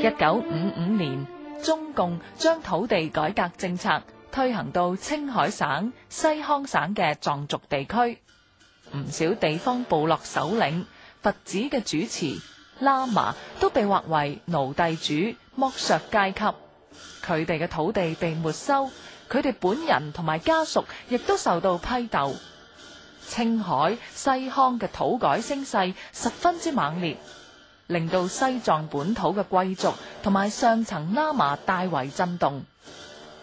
一九五五年，中共將土地改革政策推行到青海省、西康省嘅藏族地區，唔少地方部落首領、佛寺嘅主持、喇嘛都被劃為奴隸主剝削階級，佢哋嘅土地被沒收，佢哋本人同埋家屬亦都受到批鬥。青海、西康嘅土改聲勢十分之猛烈。令到西藏本土嘅貴族同埋上層喇嘛大為震動，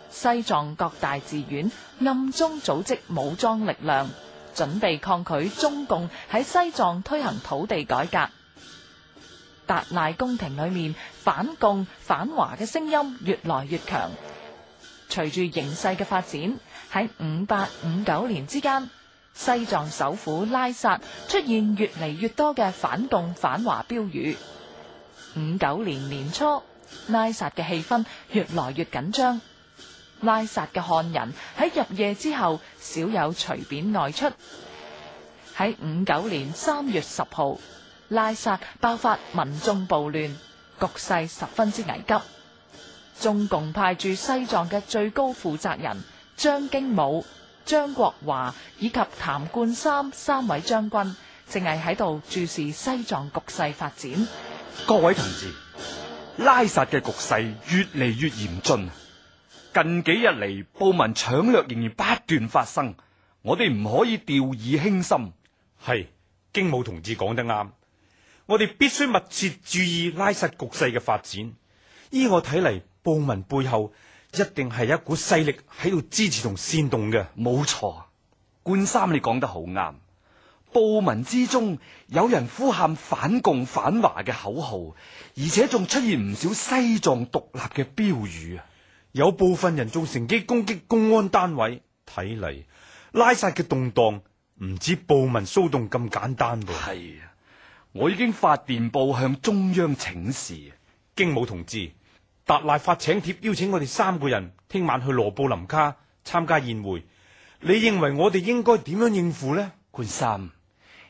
西藏各大寺院暗中組織武裝力量，準備抗拒中共喺西藏推行土地改革。達賴宮廷裏面反共反華嘅聲音越來越強，隨住形勢嘅發展，喺五八五九年之間。西藏首府拉薩出現越嚟越多嘅反動反華標語。五九年年初，拉薩嘅氣氛越來越緊張。拉薩嘅漢人喺入夜之後少有隨便外出。喺五九年三月十號，拉薩爆發民眾暴亂，局勢十分之危急。中共派駐西藏嘅最高負責人張經武。張國華以及譚冠三三位將軍，淨係喺度注視西藏局勢發展。各位同志，拉薩嘅局勢越嚟越嚴峻，近幾日嚟暴民搶掠仍然不斷發生，我哋唔可以掉以輕心。係經武同志講得啱，我哋必須密切注意拉薩局勢嘅發展。依我睇嚟，暴民背後。一定係一股勢力喺度支持同煽動嘅，冇錯。冠三你，你講得好啱。暴民之中有人呼喊反共反華嘅口號，而且仲出現唔少西藏獨立嘅標語啊！有部分人仲乘機攻擊公安單位。睇嚟拉薩嘅動盪唔止暴民騷動咁簡單噃。係啊，我已經發電報向中央請示，經武同志。達賴發請帖邀請我哋三個人聽晚去羅布林卡參加宴會，你認為我哋應該點樣應付呢？冠三：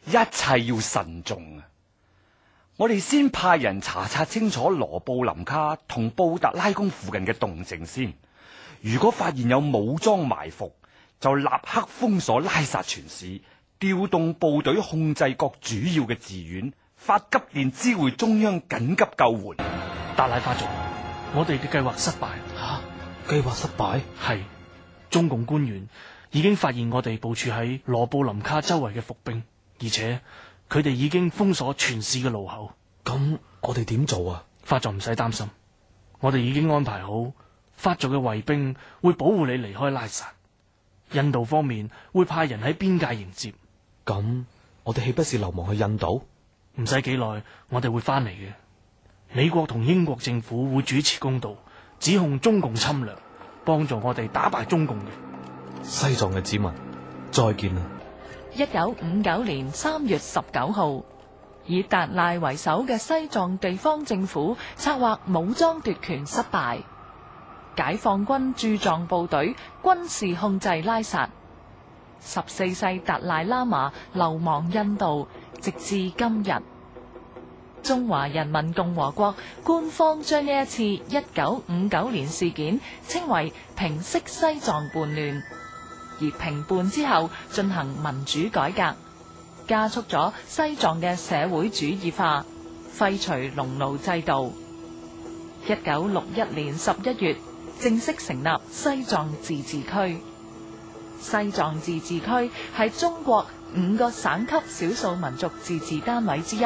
一切要慎重啊！我哋先派人查查清楚羅布林卡同布達拉宮附近嘅動靜先。如果發現有武裝埋伏，就立刻封鎖拉薩全市，調動部隊控制各主要嘅寺院，發急電知會中央緊急救援。達賴發逐。我哋嘅計劃失敗、啊、計劃失敗，吓，計劃失敗係中共官員已經發現我哋部署喺羅布林卡周圍嘅伏兵，而且佢哋已經封鎖全市嘅路口。咁、嗯、我哋點做啊？法座唔使擔心，我哋已經安排好法座嘅衛兵會保護你離開拉薩。印度方面會派人喺邊界迎接。咁、嗯、我哋豈不是流亡去印度？唔使幾耐，我哋會翻嚟嘅。美國同英國政府會主持公道，指控中共侵略，幫助我哋打敗中共嘅說什麼西藏嘅子民，再見啦！一九五九年三月十九號，以達賴為首嘅西藏地方政府策劃武裝奪權失敗，解放軍駐藏部隊軍事控制拉薩，十四世達賴喇嘛流亡印度，直至今日。中華人民共和國官方將呢一次一九五九年事件稱為平息西藏叛亂，而平叛之後進行民主改革，加速咗西藏嘅社會主義化，廢除農奴制度。一九六一年十一月正式成立西藏自治區。西藏自治區係中國五個省級少數民族自治單位之一。